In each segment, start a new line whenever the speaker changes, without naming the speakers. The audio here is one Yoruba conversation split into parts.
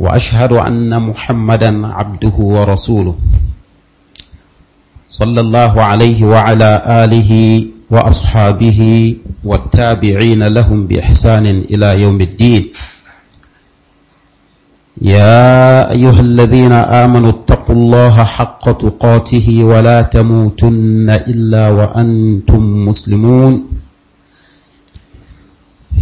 واشهد ان محمدا عبده ورسوله صلى الله عليه وعلى اله واصحابه والتابعين لهم باحسان الى يوم الدين يا ايها الذين امنوا اتقوا الله حق تقاته ولا تموتن الا وانتم مسلمون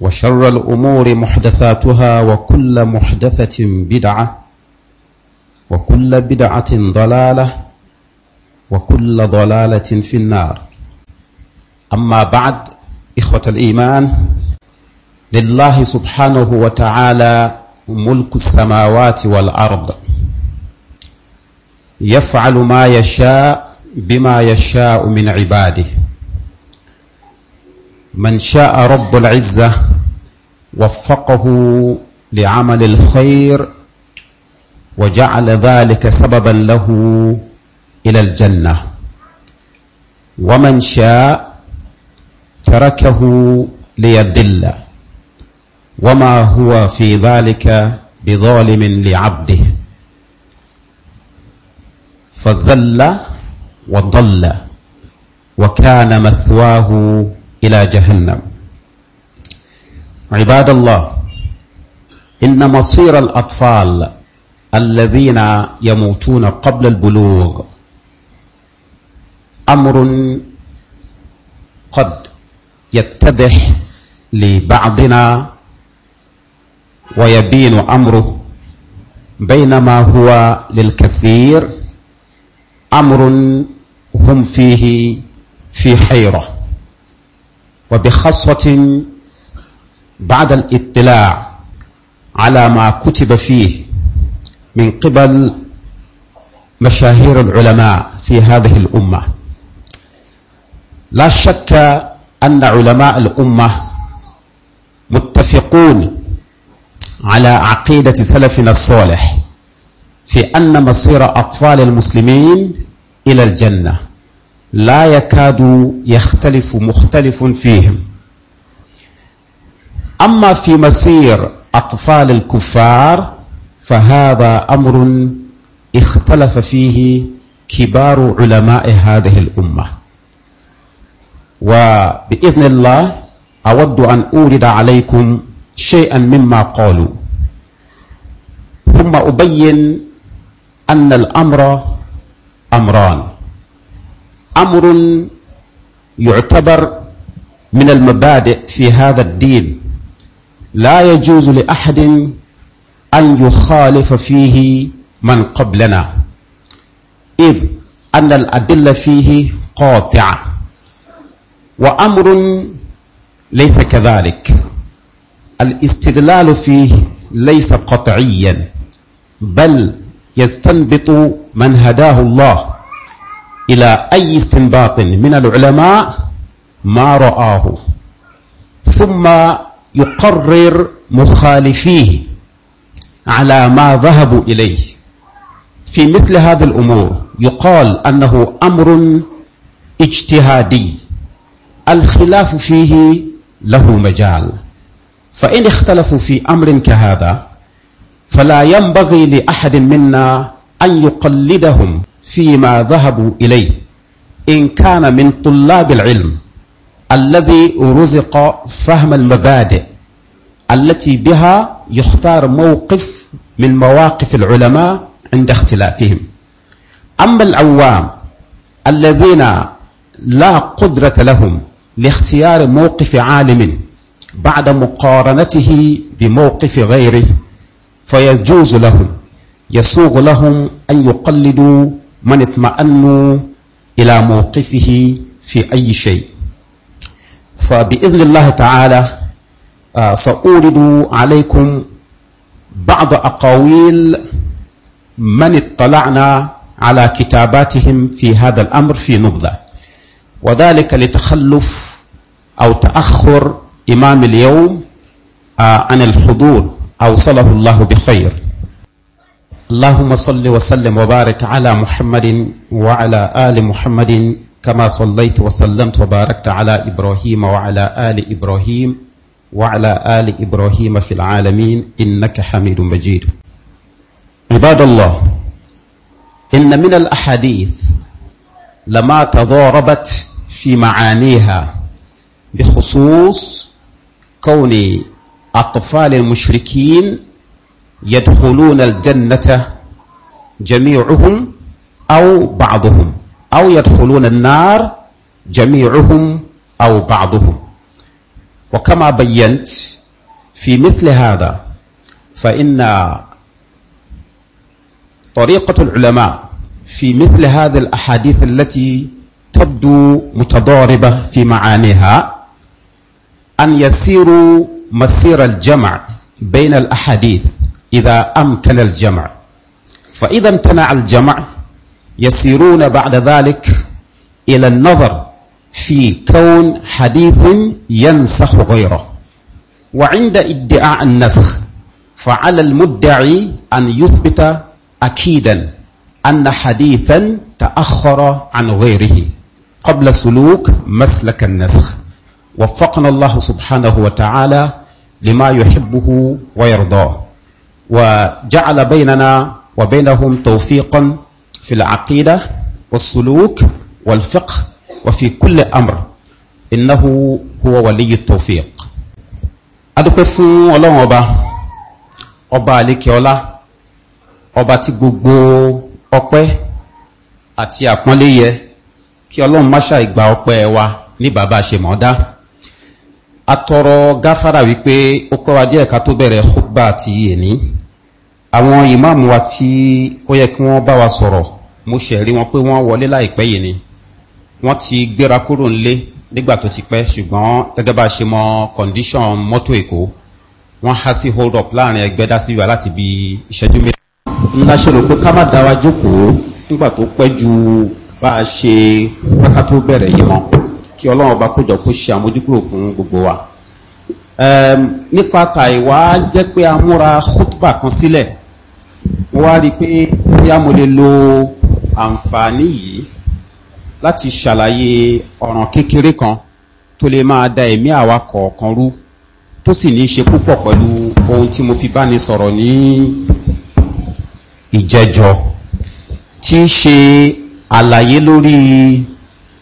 وشر الأمور محدثاتها وكل محدثة بدعة وكل بدعة ضلالة وكل ضلالة في النار أما بعد إخوة الإيمان لله سبحانه وتعالى ملك السماوات والأرض يفعل ما يشاء بما يشاء من عباده من شاء رب العزة وفقه لعمل الخير وجعل ذلك سببا له إلى الجنة ومن شاء تركه ليدل وما هو في ذلك بظالم لعبده فزل وضل وكان مثواه إلى جهنم عباد الله إن مصير الأطفال الذين يموتون قبل البلوغ أمر قد يتضح لبعضنا ويبين أمره بينما هو للكثير أمر هم فيه في حيرة وبخاصة بعد الاطلاع على ما كتب فيه من قبل مشاهير العلماء في هذه الأمة لا شك أن علماء الأمة متفقون على عقيدة سلفنا الصالح في أن مصير أطفال المسلمين إلى الجنة لا يكاد يختلف مختلف فيهم اما في مصير اطفال الكفار فهذا امر اختلف فيه كبار علماء هذه الامه وباذن الله اود ان اورد عليكم شيئا مما قالوا ثم ابين ان الامر امران امر يعتبر من المبادئ في هذا الدين لا يجوز لاحد ان يخالف فيه من قبلنا اذ ان الادله فيه قاطعه وامر ليس كذلك الاستدلال فيه ليس قطعيا بل يستنبط من هداه الله إلى أي استنباط من العلماء ما رآه ثم يقرر مخالفيه على ما ذهبوا إليه في مثل هذه الأمور يقال أنه أمر اجتهادي الخلاف فيه له مجال فإن اختلفوا في أمر كهذا فلا ينبغي لأحد منا أن يقلدهم فيما ذهبوا إليه إن كان من طلاب العلم الذي رزق فهم المبادئ التي بها يختار موقف من مواقف العلماء عند اختلافهم أما العوام الذين لا قدرة لهم لاختيار موقف عالم بعد مقارنته بموقف غيره فيجوز لهم يسوغ لهم أن يقلدوا من اطمأنوا إلى موقفه في أي شيء فبإذن الله تعالى آه، سأورد عليكم بعض أقاويل من اطلعنا على كتاباتهم في هذا الأمر في نبذة وذلك لتخلف أو تأخر إمام اليوم آه، عن الحضور أوصله الله بخير اللهم صل وسلم وبارك على محمد وعلى آل محمد كما صليت وسلمت وباركت على إبراهيم وعلى آل إبراهيم وعلى آل إبراهيم في العالمين إنك حميد مجيد عباد الله إن من الأحاديث لما تضاربت في معانيها بخصوص كون أطفال المشركين يدخلون الجنة جميعهم أو بعضهم أو يدخلون النار جميعهم أو بعضهم وكما بينت في مثل هذا فإن طريقة العلماء في مثل هذه الأحاديث التي تبدو متضاربة في معانيها أن يسيروا مسير الجمع بين الأحاديث إذا أمكن الجمع فإذا امتنع الجمع يسيرون بعد ذلك إلى النظر في كون حديث ينسخ غيره وعند ادعاء النسخ فعلى المدعي أن يثبت أكيدا أن حديثا تأخر عن غيره قبل سلوك مسلك النسخ وفقنا الله سبحانه وتعالى لما يحبه ويرضاه وجعل بيننا وبينهم توفيقا في العقيدة والسلوك والفقه وفي كل أمر إنه هو ولي التوفيق adúpẹ́ fún ọlọ́run ọba ọba àlékè ọlá ọba tí gbogbo ọpẹ́ àti àpọ́nlé yẹ kí ọlọ́run máṣà ìgbà ọpẹ́ wa ní bàbá ṣe mọ́ dá atọrọ gáfárà wípé ó pẹ́ wa díẹ̀ ká tó bẹ̀rẹ̀ khutba ti èní àwọn ìmáàmù wa tí ó yẹ kí wọ́n bá wa sọ̀rọ̀ mo ṣẹ̀rí wọn pé wọ́n wọlé láìpẹ́ yìí ni wọ́n ti gbéra kúrò nílé nígbà tó ti pẹ́ ṣùgbọ́n gẹ́gẹ́ bá ṣe mọ condition mọ́tò èkó wọ́n há sí hold up láàrin ẹgbẹ́ dá sí wa láti bí ìṣẹ́jú mẹ́ta. ńlá ṣe rò pé ká má dá wa jókòó nígbà tó pẹ́ ju bá a ṣe wákàtó bẹ̀rẹ̀ yìí mọ́ kí ọlọ́run ọba kójọ kó ṣe àmójúkúrò fún gbogbo wa nípa tàìwá jẹ́ pé a múra khutba kan sílẹ̀ wá rí pé bóyá mo lè lo àǹfààní yìí láti ṣàlàyé ọ̀ràn kékeré kan tó lè máa da ẹ̀mí àwa kọ̀ọ̀kan rú tó sì ní ṣe púpọ̀ pẹ̀lú ohun tí mo fi bá ní sọ̀rọ̀ ní ìjẹjọ tí í ṣe àlàyé lórí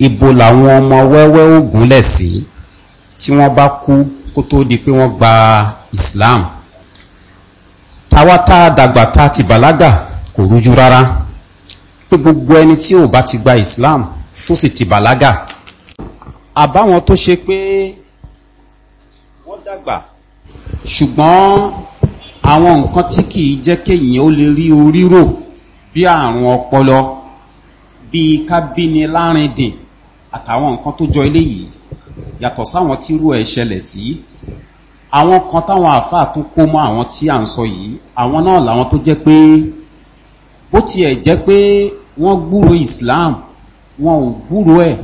ibo làwọn ọmọ wẹ́wẹ́ ògúnlẹ̀ sí tí wọ́n bá kú kó tó di pé wọ́n gba islam tawata dàgbà ta ti bàlágà kò rújú rárá pé gbogbo ẹni tí ò bá ti gba islam tó sì ti bàlágà àbáwọn tó ṣe pé wọ́n dàgbà ṣùgbọ́n àwọn nǹkan tí kìí jẹ́ kéèyàn ó lè rí orírò bí àrùn ọpọlọ bí kábíni láàrin dè àtàwọn nǹkan tó jọ eléyìí yàtọ̀ sáwọn tírú ẹ̀ ṣẹlẹ̀ sí àwọn kan táwọn àfáà tún kó mọ́ àwọn tí à ń sọ yìí àwọn náà làwọn tó jẹ́ pé bó tiẹ̀ jẹ́ pé wọ́n gbúrò Islam wọn ò gbúrò ẹ̀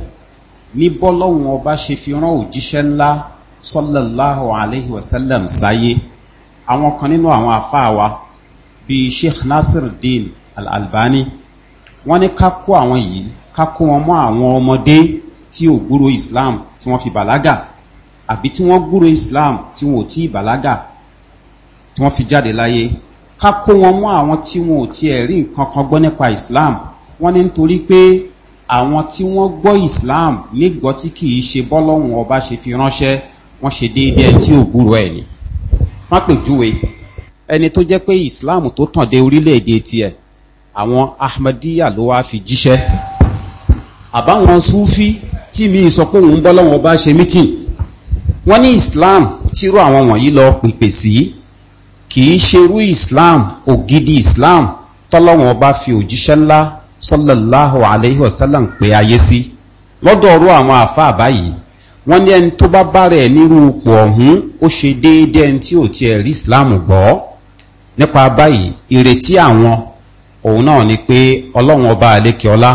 ní bọ́lọ́hun ọba ṣe fi rán òjíṣẹ́ ńlá sallallahu alayhi wa sallam sáyé àwọn kan nínú àwọn àfáà wa bíi Sheikh Nasiruddin Al-Albani wọ́n ní ká kó àwọn yìí ká kó wọn mọ́ àwọn ọmọdé tí ò gbúrò islam tí wọ́n fi bàlágà àbí tí wọ́n gbúrò islam tí wọ́n ò tí bàlágà tí wọ́n fi jáde láyé ká kó wọn mú àwọn tí wọn ò tiẹ̀ rí nǹkan kan gbọ́ nípa islam wọ́n ní nítorí pé àwọn tí wọ́n gbọ́ islam nígbọ́ tí kì í ṣe bọ́lọ́hùn ọba ṣe fi ránṣẹ́ wọ́n ṣe déédéé tí ò gbúrò ẹ̀ ni wọ́n pèjúwe ẹni tó jẹ́ pé islam tó tàn dé orílẹ̀-èdè tiẹ̀ àwọn ahmadiyya ló wá fi jíṣẹ́ àbáwọn súfí tí mi sọ pé òun bọ́lọ́wọ́n bá ṣe mítìn wọ́n ní islam tíró àwọn wọ̀nyí lọ pèpè sí kìí ṣerú islam ògidì islam tọ́lọ́wọ́n bá fi òjíṣẹ́ ńlá sọ́lọ́láhù aláìhọ̀sálàm pé ayé sí lọ́dọ̀ ọ̀rọ̀ àwọn àfá àbáyìí wọ́n ní ẹni tó bá bá rẹ̀ nírú ipò ọ̀hún ó ṣe déédéé ẹni tí ò tiẹ̀ rí islam gbọ́ nípa báyìí ìrètí àwọn òun náà ni pé ọlọ́run ọba àlékè ọlá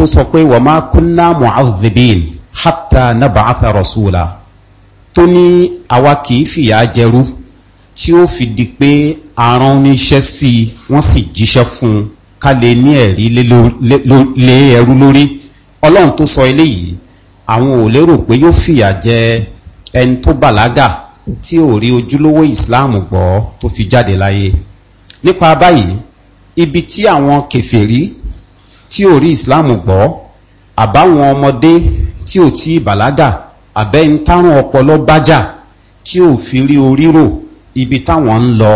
tó sọ pé wà máa kúnná mu'adhibin hatta nab'atha rasula tó ní àwa kìí fìyà jẹrú tí ó fi di pé àrùn oníṣẹ́ sí wọ́n sì jíṣẹ́ fún un ká lè ní ẹ̀rí lé ẹrú lórí ọlọ́run tó sọ eléyìí àwọn ò lérò pé yóò fìyà jẹ ẹni tó bàlágà tí ò rí ojúlówó ìsìláàmù gbọ́ tó fi jáde láyé nípa báyìí ibi tí àwọn kèfèrí tí ò rí ìsìláàmù gbọ́ àbáwọn ọmọdé tí ò tí ìbàlágà àbẹ́ ń tárùn ọpọlọ bájà tí ò fi rí orírò ibi táwọn ń lọ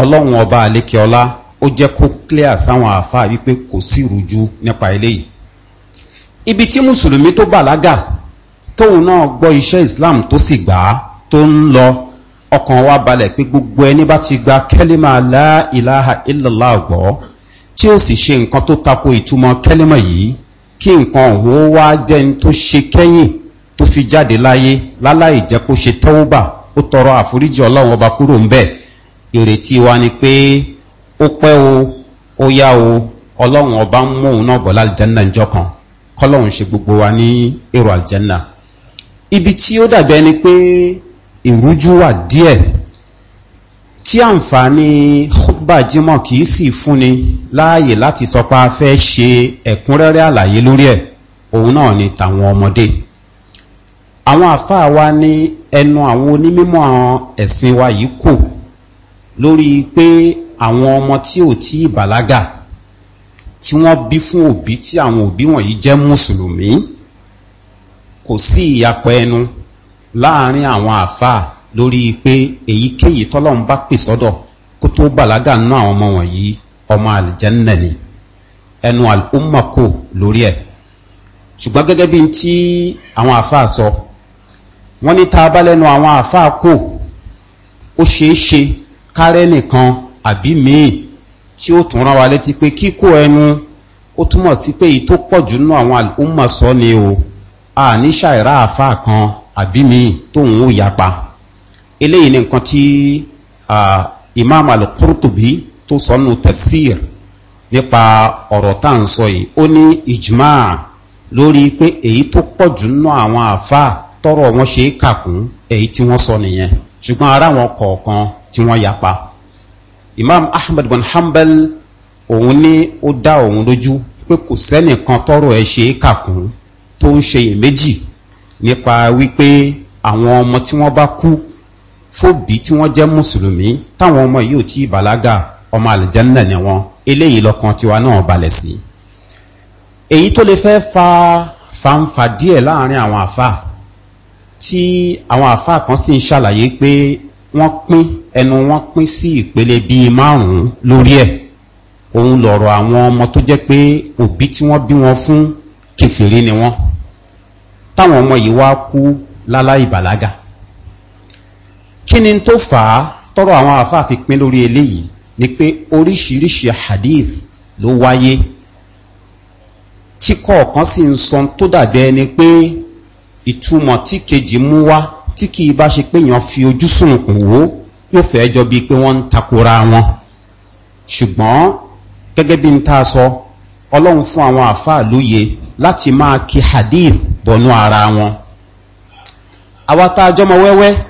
ọlọ́run ọba àlékeọlá ó jẹ́ kó clear sáwọn àáfàá wípé kò sí ìrújú nípa eléyìí ibi tí mùsùlùmí tó bàlágà tóun náà gbọ́ iṣẹ́ islam tó sì gbà á tó ń lọ ọkàn wa balẹ̀ pé gbogbo ẹni bá ti gba kẹ́límà láìláha ìlàlá gbọ́ tí ó sì ṣe nǹkan tó tako ìtumọ̀ kẹ́límọ̀ yìí kí nǹkan ọ̀hún ó wá jẹ́ ní tó ṣe kẹ́yìn tó fi jáde láyé láláì jẹ́ kó ṣe tẹ́wọ́bà ó tọrọ àforíjì ọlọ́run ọba kúrò ń bẹ̀ ìrètí wa ni pé ó pẹ́ o ó yá o ọlọ́run ọba ń mú òun náà bọ̀ lálìjẹ́nà ìjọ kan kọ́lọ́run ṣe gbogbo wa ní èrò àlìjẹ́nà ibi tí ó dàbẹ́ ni pé ìrújú wà díẹ̀ tí àǹfààní khutba jímọ̀ kìí sì fúnni láàyè láti sọpa fẹ́ ṣe ẹ̀kúnrẹ́rẹ́ àlàyé lórí ẹ̀ òun náà ni tàwọn ọmọdé àwọn àfáà wa ní ẹnu àwọn onímọ̀ ẹ̀sìn wa yìí kò lórí pé àwọn ọmọ tí ò tí ìbàlágà tí wọ́n bí fún òbí tí àwọn òbí wọ̀nyí jẹ́ mùsùlùmí kò sí ìyapa ẹnu láàárín àwọn àfáà lórí pé èyíkéyìí tọ́lọ́run bá pè sọ́dọ̀ kó tó bàlágà nú àwọn ọmọ wọ̀nyí ọmọ àlìjẹ́nà ni ẹnu àlùmọ̀kò lórí ẹ̀ ṣùgbọ́n gẹ́gẹ́ bí tí àwọn àfáà sọ wọ́n ní ta bá lẹ́nu àwọn àfáà kò ó ṣeé ṣe kárẹ́ nìkan àbí míì tí ó tún rán wa létí pé kíkó ẹnu ó túmọ̀ sí pé èyí tó pọ̀ jù nú àwọn àlùmọ̀ ni o àníṣàìrá àfáà kan àbí míì tóun ó yapa eléyìí ni nǹkan tí imam al-qurtubi tó sọnù tafsir nípa ọ̀rọ̀ tá à ń sọ yìí ó ní ijma lórí pé èyí tó pọ̀ jù nínú àwọn àfa tọrọ wọn ṣe é kàkún èyí tí wọ́n sọ nìyẹn ṣùgbọ́n ara wọn kọ̀ọ̀kan tí wọ́n yapa imam ahmed bin hanbal òun ní ó dá òun lójú pé kò sẹ́nìkan tọrọ ẹ ṣe é kàkún tó ń ṣe iyèméjì nípa wípé àwọn ọmọ tí wọ́n bá kú fóbi tí wọ́n jẹ́ mùsùlùmí táwọn ọmọ yóò tí ìbàlágà ọmọ àlìjẹ́nà ni wọn eléyìí lọ́kàn tiwa náà balẹ̀ sí èyí tó lè fẹ́ fa fanfa díẹ̀ láàrin àwọn àfà tí àwọn àfà kan sì ń ṣàlàyé pé wọ́n pín ẹnu wọn pín sí ìpele bíi márùn-ún lórí ẹ̀ òun lọ̀rọ̀ àwọn ọmọ tó jẹ́ pé òbí tí wọ́n bí wọn fún kẹfìrí ni wọ́n táwọn ọmọ yìí wá kú láláì bàlágà kí ni tó fà á tọ́rọ àwọn àfáà fi pín lórí eléyìí ni pé oríṣiríṣi hadith ló wáyé tí kọ̀ọ̀kan sì ń sọ tó dàbí ẹni pé ìtumọ̀ tí kejì mú wá tí kì í bá ṣe pé èèyàn fi ojú sùnùkùn wò yóò fẹ́ jọ bíi pé wọ́n ń takora wọn ṣùgbọ́n gẹ́gẹ́ bí n ta sọ ọlọ́run fún àwọn àfáà lóye láti máa kí hadith bọ̀nú ara wọn àwa tá a jọmọ wẹ́wẹ́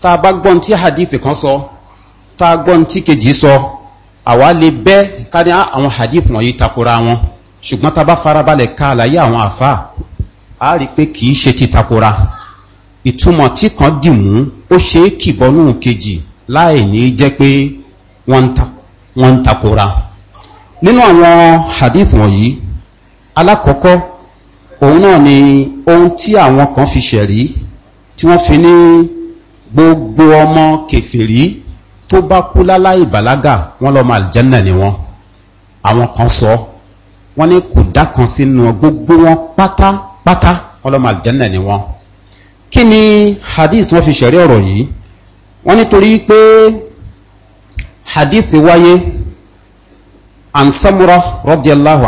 ta bá gbọ́n tí hadith kan sọ ta gbọ́n tí kejì sọ àwa lè bẹ́ ká ní ah, àwọn hadith wọ̀nyí takora wọn ṣùgbọ́n ta bá farabalẹ̀ ká àlàyé àwọn àfáà a rí pé kì í ṣe ti takora ìtumọ̀ tí kan dì mú ó ṣe é kìbọnú kejì láì ní jẹ́ pé wọ́n ń takora nínú àwọn hadith wọ̀nyí alákọ̀ọ́kọ́ òun náà ni ohun tí àwọn kan fi ṣẹ̀rí tí wọ́n fi ní gbogbo ọmọ kèfèrí tó bá kú láláì bàlágà wọ́n lọ́mọ àlìjẹ́nà ni wọ́n àwọn kan sọ wọ́n ní kò dá kan sínú gbogbo wọn pátápátá wọ́n lọ́mọ àlìjẹ́nà ni wọ́n kí ni hadith wọ́n fi ṣẹ̀rí ọ̀rọ̀ yìí wọ́n nítorí pé hadith wáyé ansamura سمرة anhu الله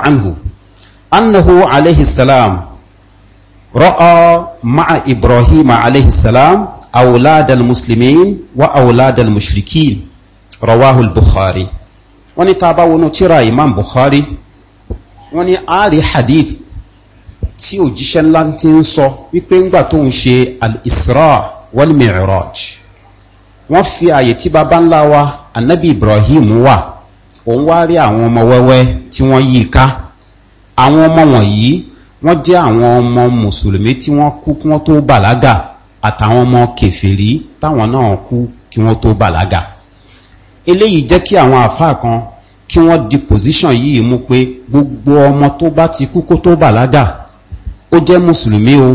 عنه salam raa السلام Ibrahim مع salam awuladal muslimin wa awuladal mushrikin rawahul bukhari wọ́n ní tá bá wọnú tírà imam bukhari wọ́n ní ààrí hadith tí òjíṣẹ́ ńlá ti ń sọ wípé ńgbà tó ń ṣe al-isra wal mi'raj wọ́n fi ààyè tí baba ńlá wa anabi ibrahim wà òun wá rí àwọn ọmọ wẹ́wẹ́ tí wọ́n yí ká àwọn ọmọ wọ̀nyí wọ́n jẹ́ àwọn ọmọ mùsùlùmí tí wọ́n kú kí wọ́n tó bàlágà àtàwọn ọmọ kèfèrí táwọn náà kú kí wọ́n tó bàlágà eléyìí jẹ́ kí àwọn àfáà kan kí wọ́n di pòsíṣàn yìí mú pé gbogbo ọmọ tó bá ti kú kó tó bàlágà ó jẹ́ mùsùlùmí o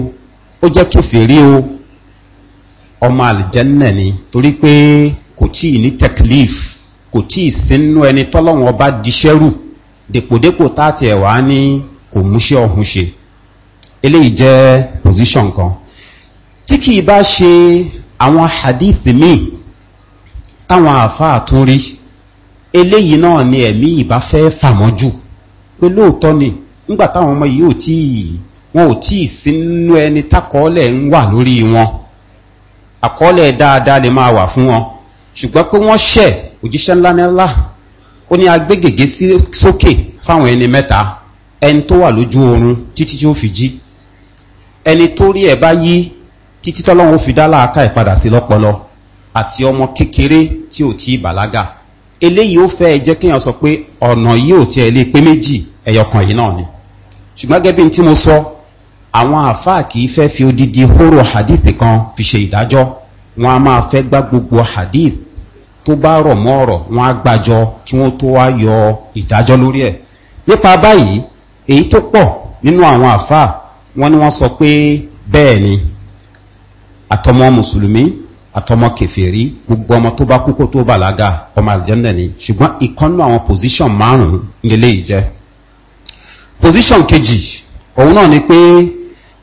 ó jẹ́ kèfèrí o ọmọ àlìjẹ́nà ni torí pé kò tíì ní teklif kò tíì sínú ẹni tọ́lọ́wọ́n bá diṣẹ́rù dèpòdépò táàtì ẹ̀wà ní kò múṣẹ́ ọ̀hún ṣe eléyìí jẹ́ pòsíṣàn kan tí kìí bá ṣe àwọn hadith míì táwọn àfáà tún rí eléyìí náà ni ẹ̀mí ìbá fẹ́ fàmọ́jù pé lóòótọ́ ni nígbà táwọn ọmọ yìí ò tí wọn ò tí sínú ẹni tákọọ́lẹ̀ ń wà lórí wọn àkọọ́lẹ̀ dáadáa lè máa wà fún wọn ṣùgbọ́n pé wọ́n ṣẹ̀ òjíṣẹ́ ńlá ńlá ó ní agbégègé sókè fáwọn ẹni mẹ́ta ẹni tó wà lójú oorun títí tí ó fi jí ẹni tó rí ẹ̀ bá yí títí tọ́lọ́run fi dá láàká ìpadà sí lọ́pọlọ àti ọmọ kékeré tí ò tí bàlágà eléyìí ó fẹ́ jẹ́ kéèyàn sọ pé ọ̀nà yìí ò tiẹ̀ lè pé méjì ẹ̀yọkan yìí náà ni ṣùgbọ́n gẹ́gẹ́ bí tí mo sọ àwọn àfáà kì í fẹ́ fi odidi hóró hadith kan fi ṣe ìdájọ́ wọn a máa fẹ́ gbá gbogbo hadith tó bá rọ̀ mọ́ ọ̀rọ̀ wọn á gbàjọ kí wọ́n tó wá yọ ìdájọ́ lórí ẹ̀ nípa báyìí èyí tó pọ̀ nínú àwọn àfáà wọn ni wọ́n sọ pé bẹ́ẹ̀ ni àtọmọ mùsùlùmí àtọmọ kẹfẹ́rí gbogbo ọmọ tó bá kókó tó bàlágà ọmọ àjẹ́ndẹ̀ ni ṣùgbọ́n ìkọ́nú àwọn pòsíṣàn márùn-ún nílé ìjẹ́ pòsíṣàn kejì òun náà ni pé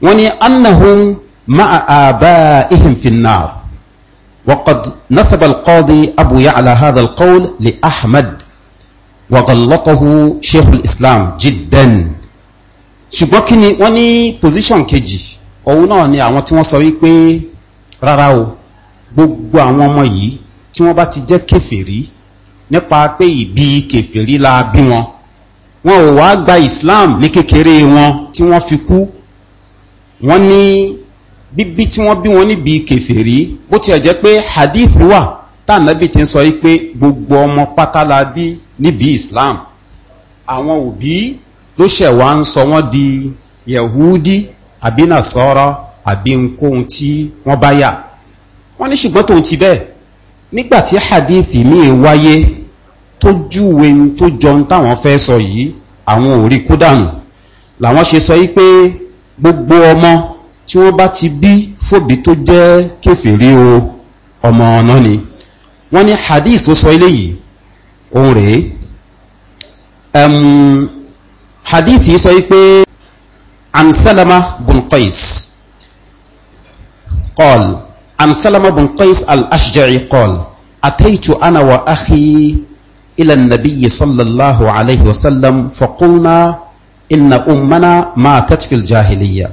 wọ́n ní annahun ma'a àbá ihim finnar وقد نسب القاضي أبو يعلى هذا القول لأحمد وغلطه شيخ الإسلام جدا ṣùgbọ́n kí ni wọ́n ní pòsíṣàn kejì òun náà ni àwọn tí wọ́n sọ wípé rárá o gbogbo àwọn ọmọ yìí tí wọ́n bá ti jẹ́ kèfèrí nípa pé ìbí kèfèrí la bí wọn wọn ò wá gba Islam ní kékeré wọn tí wọ́n fi kú wọ́n ní bíbí tí wọ́n bí wọn níbi kèfèrí bó tiẹ̀ jẹ́ pé hadith wà tànàbí ti ń sọ wípé gbogbo ọmọ pátá la bí níbi Islam àwọn òbí ló ṣẹ̀ wá ń sọ wọ́n di yẹ̀húdí àbí nàsárà àbí ohunkóhun tí wọ́n bá yà wọ́n ní ṣùgbọ́n tóun ti bẹ́ẹ̀ nígbàtí hadithi míì wáyé tó júwe tó jọun táwọn fẹ́ sọ yìí àwọn ò rí kó dànù làwọn ṣe sọ yí pé gbogbo ọmọ tí wọ́n bá ti bí fòbí tó jẹ́ kèfèrí o ọmọ ọ̀nà ni wọ́n ní hadith tó sọ eléyìí òun rèé hadith yìí sọ yí pé ansalama bunqais قال عن سلمة بن قيس الأشجعي قال أتيت أنا وأخي إلى النبي صلى الله عليه وسلم فقلنا إن أمنا ماتت في الجاهلية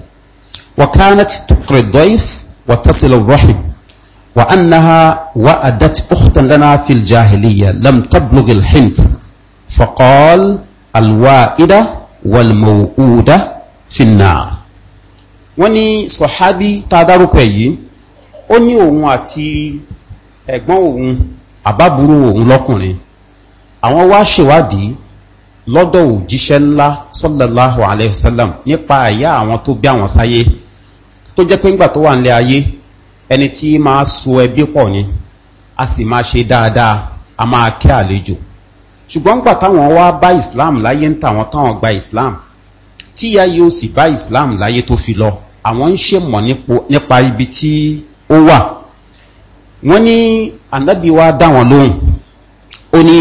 وكانت تقري الضيف وتصل الرحم وأنها وأدت أختا لنا في الجاهلية لم تبلغ الحنف فقال الوائدة والموؤودة في النار wọ́n ní sọ̀hábí ta dárúkọ èyí ó ní òun àti ẹ̀gbọ́n òun àbábúrò òun lọ́kùnrin àwọn wá ṣèwádìí lọ́dọ̀ òjíṣẹ́ ńlá sallallahu alaihi wasallam nípa àyá àwọn tó bí àwọn sáyé tó jẹ́ pé ńgbà tó wà nílé ayé ẹni tí máa so ẹbí pọ̀ ni a sì máa ṣe dáadáa a máa kẹ́ àlejò ṣùgbọ́n ńgbà táwọn wá bá islam láyé ń tàwọn táwọn gba islam tí ya yóò sì bá islam láyé tó fi lọ àwọn ń ṣe mọ̀ nípa ibi tí ó wà wọ́n ní ànábì wa dá wọn lóhùn ó ní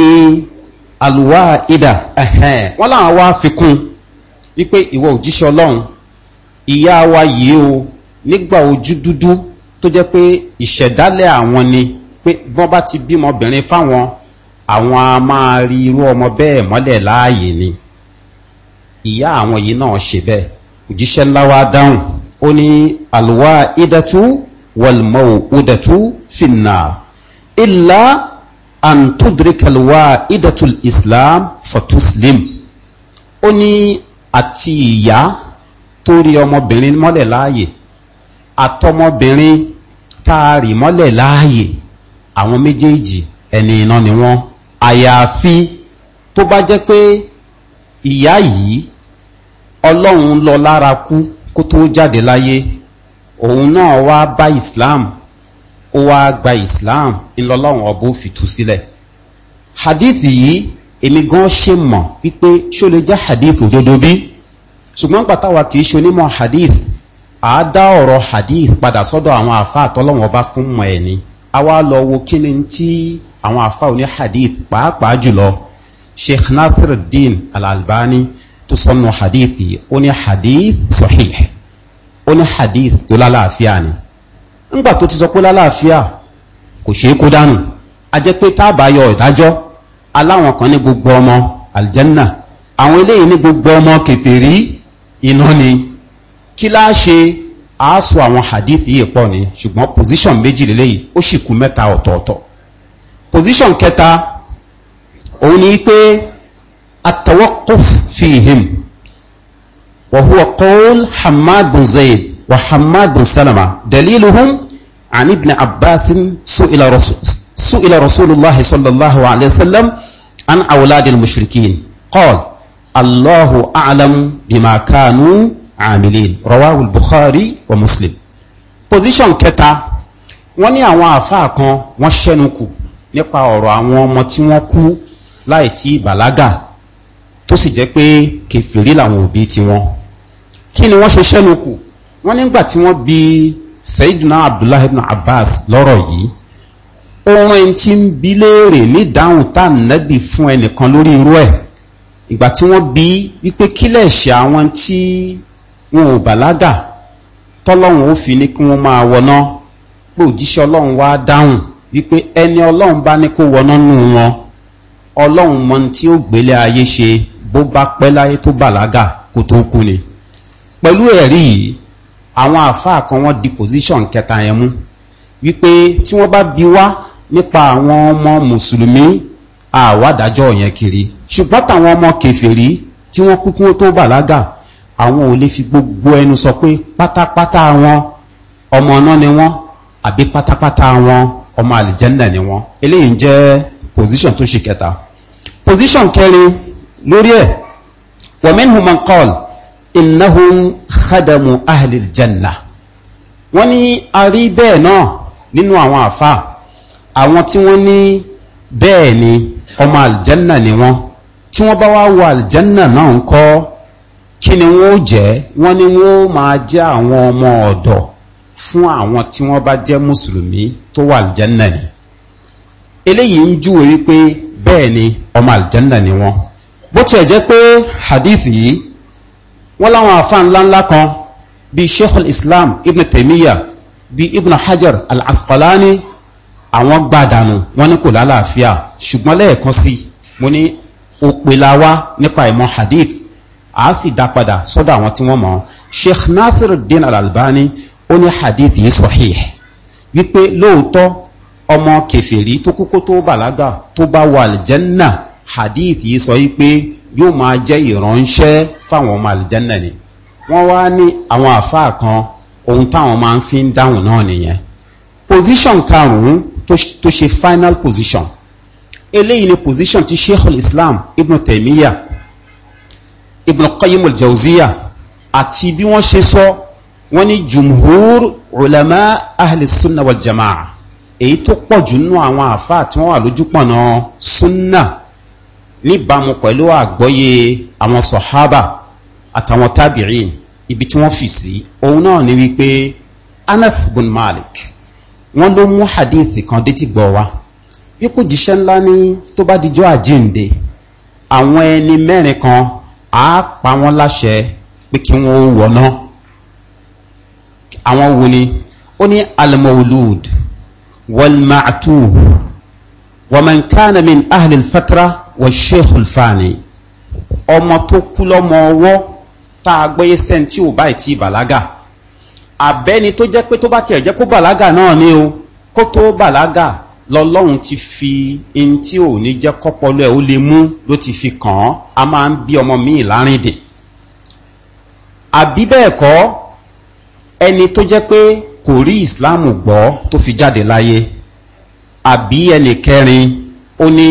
àlùwá ìdà ẹ̀hẹ́n wọ́n láwọn wá fi kún wípé ìwọ òjíṣẹ́ ọlọ́run ìyá wa yìí o nígbà ojú dúdú tó jẹ́ pé ìṣẹ̀dálẹ̀ àwọn ni pé bọ́n bá ti bímọ obìnrin fáwọn àwọn a máa rí irú ọmọ bẹ́ẹ̀ mọ́lẹ̀ láàyè ni ìyá àwọn yìí náà ṣe bẹ́ẹ̀ òjíṣẹ́ ńlá wa dáhùn ó ní àlùwá ìdẹ̀tú wọlmọ́wò ìdẹ̀tú fìnnà ìlà àǹtòdìríkàlùwá ìdẹ̀tú islam fọ̀túslim ó ní àti ìyá tó rí ọmọbìnrin mọ́lẹ̀ láàyè àtọmọbìnrin táàrí mọ́lẹ̀ láàyè àwọn méjèèjì ẹni iná ni wọ́n àyàfi tó bá jẹ́ pé ìyá yìí ọlọ́run lọ lára kú kó tó jáde láyé òun náà wá bá islam ó wá gba islam ńlọlọ́run ọbọ̀ ó fi tú sílẹ̀ hadith yìí èmi gan ṣe mọ̀ wípé ṣó lè jẹ́ hadith òdodo bí ṣùgbọ́n pàtàwà kìí ṣe onímọ̀ hadith àádá ọ̀rọ̀ hadith padà sọ́dọ̀ àwọn àfá àtọ́lọ́wọ̀n bá fún mọ̀ ẹ̀ ni a wá lọ wo kí ni tí àwọn àfá oní hadith pàápàá jùlọ sheikh nasiruddin al-albani tó sọnù hadith yìí ó ní hadith sahih ó ní hadith tó lálàáfíà ni ńgbà tó ti sọ pé lálàáfíà kò ṣeé kó dànù a jẹ́ pé tá a bá yọ ìdájọ́ aláwọn kan ní gbogbo ọmọ aljanna àwọn eléyìí ní gbogbo ọmọ kẹfìrí iná ni kí láá ṣe àásọ àwọn hadith yìí pọ̀ ni ṣùgbọ́n position méjì lélẹ́yìí ó sì kú mẹ́ta ọ̀tọ̀ọ̀tọ̀ position kẹta òun ni pé at-tawaqquf fihim wa huwa qawl hamad bin zayd wa hamad salama daliluhum عن ابن عباس سئل رسول سئل رسول الله صلى الله عليه وسلم عن أولاد المشركين قال الله أعلم بما كانوا عاملين رواه البخاري ومسلم position kẹta wọ́n ní àwọn àáfàá kan wọ́n ṣẹ́nu kù nípa ọ̀rọ̀ àwọn ọmọ tí wọ́n kú láì tí bàlágà tó sì jẹ́ pé kèfèrí làwọn òbí ti wọn kí ni wọ́n ṣe ṣẹ́nu kù wọ́n nígbà tí wọ́n bi sayidina abdullahi ibn abbas lọ́rọ̀ yìí ohun ẹni tí ń bi léèrè ní ìdáhùn tá nẹ́bì fún ẹnìkan lórí irú ẹ̀ ìgbà tí wọ́n bi wípé kílẹ̀ ṣe àwọn tí wọn ò bàlágà tọ́lọ́run ó fi ní kí wọ́n máa wọná pé òjíṣẹ́ ọlọ́run wá dáhùn wípé ẹni ọlọ́run bá ní kó wọná nù wọn ọlọ́run mọ́ tí ó gbélé ayé ṣe bó bá pẹ́ láyé tó bàlágà kó tó kú ni pẹ̀lú ẹ̀rí yìí àwọn àfáà kan wọ́n di position kẹta yẹn mú wípé tí wọ́n bá bi wá nípa àwọn ọmọ mùsùlùmí àwádájọ́ yẹn kiri ṣùgbọ́n táwọn ọmọ kèfèrí tí wọ́n kú kí wọ́n tó bàlágà àwọn ò lè fi gbogbo ẹnu sọ pé pátápátá wọn ọmọ ọ̀nà ni wọ́n àbí pátápátá wọn ọmọ àlìjẹ́ndà ni wọ́n eléyìí jẹ́ position tó ṣe kẹta position kẹrin lórí ẹ̀ wa minhum man qala innahum khadamu ahlil janna wọ́n ní a rí bẹ́ẹ̀ náà nínú àwọn àfà àwọn tí wọ́n ní bẹ́ẹ̀ ni ọmọ aljanna ni wọ́n tí wọ́n bá wá wọ aljanna náà ń kọ́ kí ni wọ́n jẹ́ wọ́n ní wọ́n máa jẹ́ àwọn ọmọ ọ̀dọ̀ fún àwọn tí wọ́n bá jẹ́ mùsùlùmí tó wà aljanna ni eléyìí ń júwe wípé bẹ́ẹ̀ ni ọmọ àlìjẹ́ndà ni wọ́n bó tiẹ̀ jẹ́ pé hadith yìí wọ́n láwọn àfáà ńláńlá kan bíi sheikhul islam ibn taymiyyah bíi ibn hajar al-asqalani àwọn gbàdànù wọ́n ní kò lálàáfíà ṣùgbọ́n lẹ́ẹ̀kan sí mo ní òpèláwá nípa ìmọ̀ hadith a sì dá padà sọ́dọ̀ àwọn tí wọ́n mọ̀ sheikh nasiruddin al-albani ó ní hadith yìí sahih wípé lóòótọ́ ọmọ kèfèrí tó kúkó tó bàlágà tó bá wà àlìjẹ́nà hadith yìí sọ wípé yóò máa jẹ́ ìránṣẹ́ fáwọn ọmọ àlìjẹ́nà ni wọ́n wá ní àwọn àfáà kan ohun táwọn máa fi ń dáhùn náà nìyẹn position karùn-ún tó ṣe final position eléyìí ni position ti sheikh al-islam ibn taymiya ibn qayyim al-jawziya àti bí wọ́n ṣe sọ wọ́n ní jumhur ulama ahli sunna wal jama'a èyí tó pọ̀ jù nínú àwọn àfáà tí wọ́n wà lójúpọ̀nà súnà níbàámu pẹ̀lú àgbọ́yé àwọn sọ̀hábà àtàwọn tábìrì ibi tí wọ́n fi sí òun náà ni wípé anas bin malik wọ́n ló mú hadith kan dé ti gbọ́ wa wípé jíṣẹ́ ńlá ní tó bá dijọ́ àjíǹde àwọn ẹni mẹ́rin kan á pa wọ́n láṣẹ pé kí wọ́n wọ̀ náà àwọn wo ni ó ní almawlud والمعتوه ومن كان من أهل الفترة والشيخ الفاني ọmọ tó ما هو ọwọ́ tá a gbọ́yé sẹ́ni tí ò báyìí ti bàlágà àbẹ́ni tó jẹ́ pé tó bá tiẹ̀ jẹ́ kó bàlágà náà ni o kó tó bàlágà lọ́lọ́run ti fi in tí ò ní jẹ́ kọ́pọlọ ẹ̀ ó lè mú ló ti fi kàn án a máa ń bí ọmọ míì lárìndìn àbí bẹ́ẹ̀ kọ́ ẹni tó jẹ́ pé kò rí ìsìláàmù gbọ́ tó fi jáde láyé àbí ẹnì kẹrin ó ní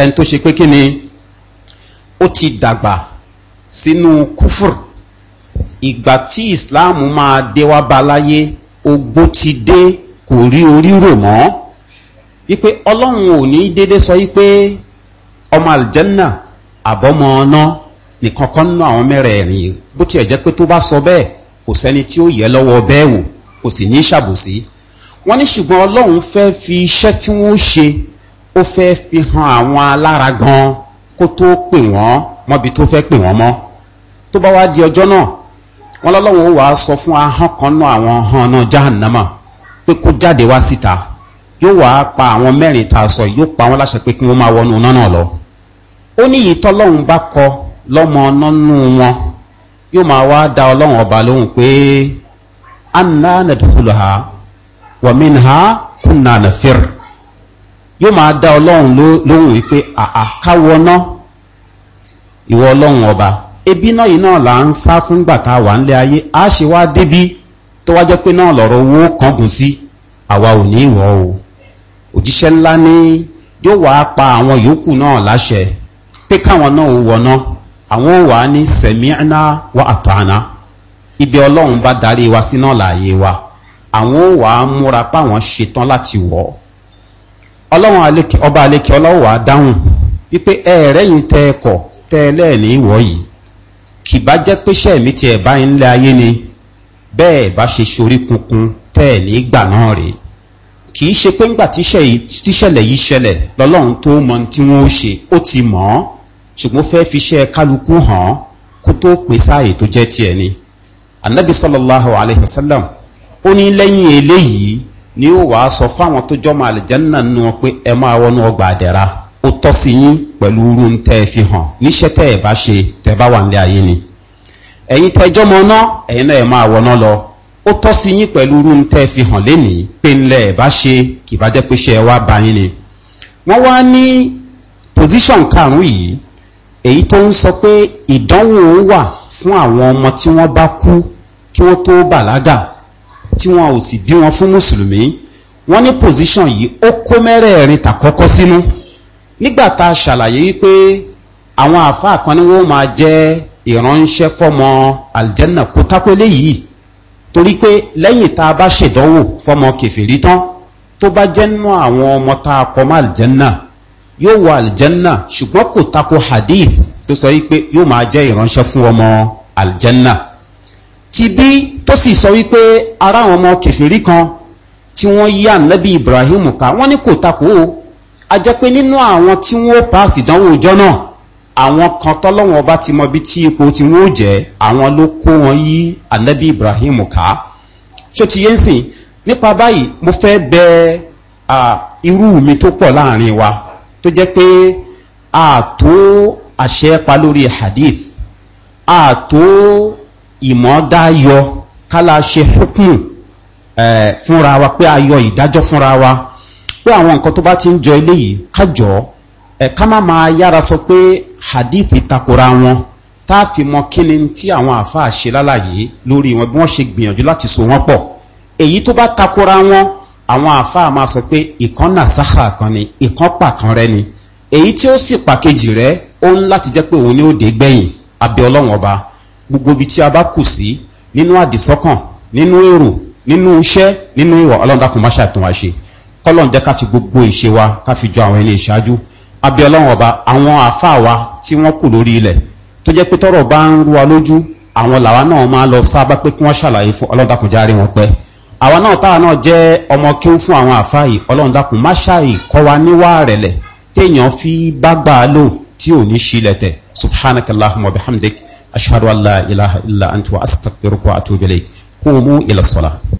ẹni tó ṣe pé kí ni ó ti dàgbà sínú kúfùr ìgbà tí ìsìláàmù máa dé wá ba láyé ogbó ti dé kò rí orí rò mọ́ wípé ọlọ́run ò ní dédé sọ wípé ọmọ àlìjẹ́nà àbọ́mọ ọ̀nà nìkan kan nínú àwọn mẹ́rẹ̀ẹ̀rin bó tiẹ̀ jẹ́ pé tó bá sọ bẹ́ẹ̀ kò sẹ́ni tí ó yẹ lọ́wọ́ bẹ́ẹ̀ wò kò sì ní ṣàbòsí wọ́n ní ṣùgbọ́n ọlọ́run fẹ́ fi iṣẹ́ tí wọ́n ṣe ó fẹ́ fi hàn àwọn alára gan kó tó pè wọ́n mọ́bi tó fẹ́ pè wọ́n mọ́ tó bá wá di ọjọ́ náà wọ́n lọ́lọ́run ó wàá sọ fún ahọ́n kan náà àwọn ahọ́n náà jahannama pé kó jáde wá síta yóò wàá pa àwọn mẹ́rin tá a sọ yóò pa wọ́n láṣẹ pé kí wọ́n máa wọnú iná náà lọ ó ní ìyí tọ́lọ́run bá kọ lọ́mọ ọ̀nà wọn yóò máa wá da ọlọ́run ọba lóhùn pé anna nadkhulaha wa minha kunna nafir yóò máa dá ọlọ́run lóhùn wípé àkáwọná ìwọ ọlọ́run ọba ebi náà yìí náà là ń wa ayé a ṣe wá débi tó wá lọrọ pé náà lọ̀rọ̀ owó kángun sí o o pa ibi ọlọ́run bá darí wa sí náà láàyè wa àwọn ò wá múra páwọn ṣetán láti wọ̀ ọ́ ọlọ́run ọba àlekè ọlọ́wà dáhùn wípé ẹ̀ẹ́rẹ́yìn tẹ ẹ kọ̀ tẹ ẹ lẹ́ẹ̀ní ìwọ̀ yìí kì bá jẹ́ pé ṣẹ́ẹ̀mí ti ẹ̀ bá ń ayé ni bẹ́ẹ̀ bá ṣe ṣorí kunkun tẹ́ ẹ̀ ní ìgbà náà rèé kì í ṣe pé ńgbà tíṣẹ̀lẹ̀ yìí ṣẹlẹ̀ lọ́lọ́run tó mọ tí wọ́n ó ṣe ó ti mọ̀ ọ́ ṣùgbọ́n fẹ́ fi ṣe kálukú hàn kó tó pèsè ààyè tó jẹ́ tiẹ̀ ni anabi sallallahu alayhi wa sallam ó ní lẹ́yìn eléyìí ni ó wàá sọ fáwọn tó jọmọ àlìjánná nù wọn pé ẹ máa wọnú ọgbà àdẹ̀ra ó tọ́ sí yín pẹ̀lú irú ń tẹ́ ẹ fi hàn níṣẹ́ tẹ́ ẹ bá ṣe tẹ́ bá wà nílé ayé ni ẹ̀yin tẹ́ jọmọ náà ẹ̀yin náà ẹ máa wọná lọ ó tọ́ sí yín pẹ̀lú irú tẹ́ ẹ fi hàn lénìí pé ńlẹ̀ ẹ bá ṣe kì bá jẹ́ pé ṣe ẹ wá ba yín ni wọ́n wá ní pòsíṣàn karùn-ún yìí èyí tó ń sọ pé ìdánwò wà fún àwọn ọmọ tí wọ́n bá kú kí wọ́n tó bàlágà tí wọn ò sì bí wọn fún mùsùlùmí wọ́n ní pòsíṣàn yìí ó kó mẹ́rẹ̀ẹ̀rin tàkọ́kọ́ sínú nígbà tá a ṣàlàyé wípé àwọn àáfàá kan ni wọ́n máa jẹ́ ìránṣẹ́ fọ́mọ àlìjẹ́nà kó tákó eléyìí torí pé lẹ́yìn tá a bá ṣèdánwò fọ́mọ kẹfìrí tán tó bá jẹ́ nínú àwọn ọmọ tá a kọ́ mọ́ àlìjẹ́nà yóò wọ àlìjẹ́nà ṣùgbọ́n kò tako hadith tó sọ wípé yóò máa jẹ́ ìránṣẹ́ fún ọmọ àlìjẹ́nà ti bí tó sì sọ wípé ara àwọn ọmọ kẹfìrí kan tí wọ́n yí ànábì ibrahim ká wọ́n ní kò takò ó a jẹ́ pé nínú àwọn tí wọ́n paasi ìdánwò ọjọ́ náà àwọn kan tọ́lọ́wọ́n ọba ti mọ bí tí ipò tí wọ́n jẹ́ àwọn ló kó wọn yí ànábì ibrahim ká ṣó ti yé ń sìn nípa báyìí mo fẹ́ bẹ irú mi tó pọ̀ láàrin wa tó jẹ́ pé ààtò àṣẹ pa lórí hadith ààtò ìmọ̀dáyọ kálá ṣe fúnkùn fúnra wa pé ayọ ìdájọ́ fúnra wa pé àwọn nǹkan tó bá ti ń jọ eléyìí kájọ ká má máa yára sọ pé hadithi takora wọn tá a fi mọ kíni tí àwọn àáfàá ṣe lálàyé lórí wọn bí wọ́n ṣe gbìyànjú láti so wọ́n pọ̀ èyí tó bá takora wọn àwọn àáfàá máa sọ pé ìkan nàṣàkà kan ni ìkan pàkan rẹ ni èyí tí ó sì pàkejì rẹ ó ń láti jẹ́ pé òun ni ó dé gbẹ̀yìn abẹ́ ọlọ́run ọba gbogbo ibi tí a bá kù sí nínú àdìsọ́kàn nínú èrò nínú iṣẹ́ nínú ìwà ọlọ́ndàkùn má ṣàtún wa ṣe kọ́lọ̀n jẹ́ ká fi gbogbo ìṣe wa ká fi jọ àwọn ẹni ìṣáájú abẹ́ ọlọ́run ọba àwọn àáfàá wa tí wọ́n kù lórí ilẹ̀ tó jẹ́ pé tọ́rọ̀ bá ń rú wa lójú àwọn làwa náà máa lọ sábà pé kí wọ́n ṣàlàyé fún ọlọ́ndàkùn járe wọn pẹ́ àwa náà táwa náà jẹ́ ọmọ kíw fún àwọn àáfàá yìí ọlọ́ndàkùn má ṣàì kọ́ wa níwá rẹ̀lẹ̀ téèyàn fi bá gbà á lò tí ò ní ṣílẹ̀ tẹ̀ subhanakallahumma bihamdik أشهد أن لا إله إلا أنت وأستغفرك وأتوب إليك قوموا إلى الصلاة